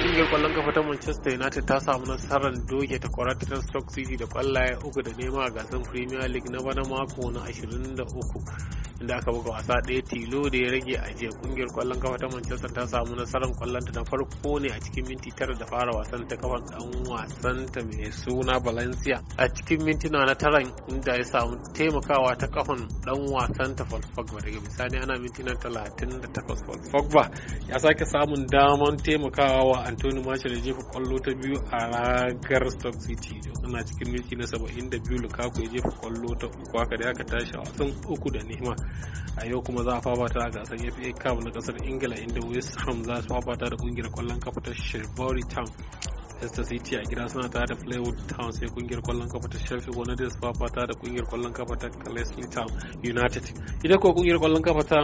kungiyar kwallon kafa ta Manchester United ta samu nasarar doge ta kwaratar Stoke City da kwallaye uku da nema a gasar Premier League na bana mako na 23. inda aka buga wasa ɗaya tilo da ya rage a jiya kungiyar kwallon kafa ta manchester ta samu nasarar kwallon ta na farko ne a cikin minti tara da fara wasan ta kafa dan wasan ta mai suna valencia a cikin mintuna na taran inda ya samu taimakawa ta kafan dan wasan ta Pogba daga misali ana mintuna talatin da takwas Pogba ya sake samun daman taimakawa wa Anthony Martial ya jefa kwallo ta biyu a ragar stock City a cikin minti na saba'in da biyu Lukaku ya jefa kwallo ta uku haka da aka tashi a wasan uku da nema a yau kuma za a fafata a gasar fa cup na kasar ingila inda west ham za su fafata da kungiyar kwallon kafa ta shrewsbury town Leicester City a gida suna tare da Playwood Town sai kungiyar kwallon kafa ta Sheffield United su fata da kungiyar kwallon kafa ta Leicester Town United. Ita ko kungiyar kwallon kafa ta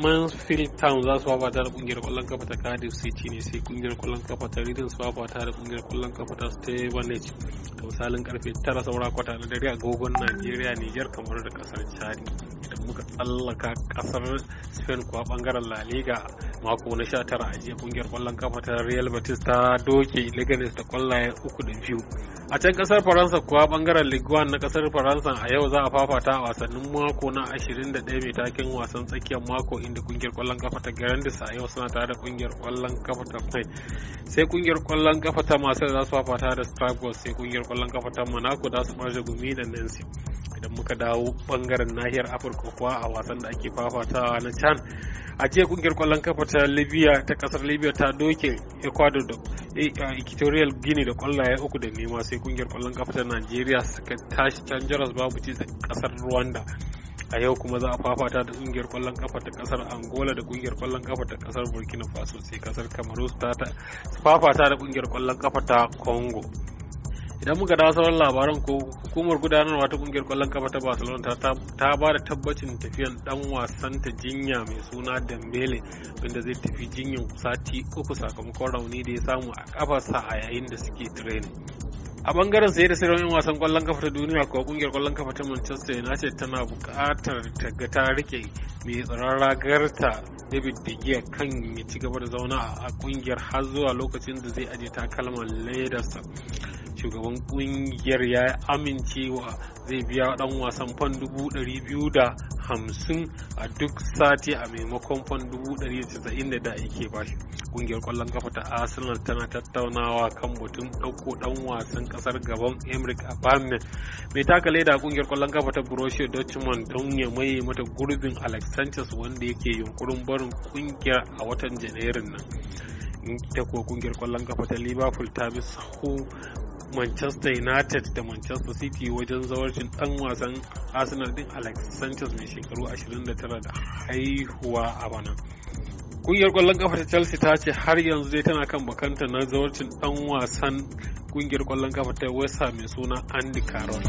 Mansfield Town za su fafata da kungiyar kwallon kafa ta Cardiff City ne sai kungiyar kwallon kafa ta Reading su fafata da kungiyar kwallon kafa ta Stevenage da misalin karfe 9 saura kwata na dare a gogon Najeriya Niger kamar da kasar Chad. Idan muka tsallaka kasar Spain kuwa bangaren La Liga mako na 19 a jiya kungiyar kwallon kafa ta Real Betis ta doke Leganes da kwallaye uku da biyu. A can kasar Faransa kuwa bangaren Ligue 1 na kasar Faransa a yau za a fafata a wasannin mako na 21 mai taken wasan tsakiyar mako inda kungiyar kwallon kafa ta Grandis a yau suna tare da kungiyar kwallon kafa ta Spain. Sai kungiyar kwallon kafa ta Marseille za su fafata da Strasbourg sai kungiyar kwallon kafa ta Monaco za su marje gumi da Nancy. idan muka dawo bangaren nahiyar afirka kuwa a wasan da ake fafatawa na can a jiya kungiyar kwallon kafa ta libya ta kasar libya ta doke ecuador da eh, equatorial guinea da kwallaye uku da nema sai kungiyar kwallon kafa ta nigeria suka tashi can jaras babu ci kasar rwanda a yau kuma za a fafata da kungiyar kwallon kafa ta kasar angola da kungiyar kwallon kafa ta kasar burkina faso sai kasar kamaru ta fafata da kungiyar kwallon kafa ta congo idan muka dawo sauran labaran ko hukumar gudanarwa ta kungiyar kwallon kafa ta barcelona ta ba da tabbacin tafiyan dan wasan ta jinya mai suna dembele wanda zai tafi jinyan sati uku sakamakon rauni da ya samu a kafarsa a yayin da suke training a bangaren saye da sirrin wasan kwallon kafa ta duniya ko kungiyar kwallon kafa ta manchester united tana buƙatar ta ga ta rike mai tsaron ragarta david de gea kan ya ci gaba da zauna a kungiyar har zuwa lokacin da zai aje takalman ledarsa shugaban kungiyar ya amincewa zai biya dan wasan fan dubu dari biyu da hamsin a duk sati a maimakon fan dubu ɗari casa'in da ake bashi kungiyar kwallon kafa ta arsenal tana tattaunawa kan batun dauko dan wasan kasar gaban a abamin mai taka leda kungiyar kwallon kafa ta borussia dortmund don ya maye mata gurbin alex sanchez wanda yake yunkurin barin kungiyar a watan janairun nan ta kuwa kungiyar kwallon kafa ta liverpool ta bi sahu manchester united da manchester city wajen zawarcin dan wasan arsenal din alex sanchez mai shekaru 29 da haihuwa a bana kungiyar kwallon kafa ta chelsea ta ce har yanzu dai tana kan bakanta na zawarcin dan wasan kungiyar kwallon kafa ta west mai suna andy carroll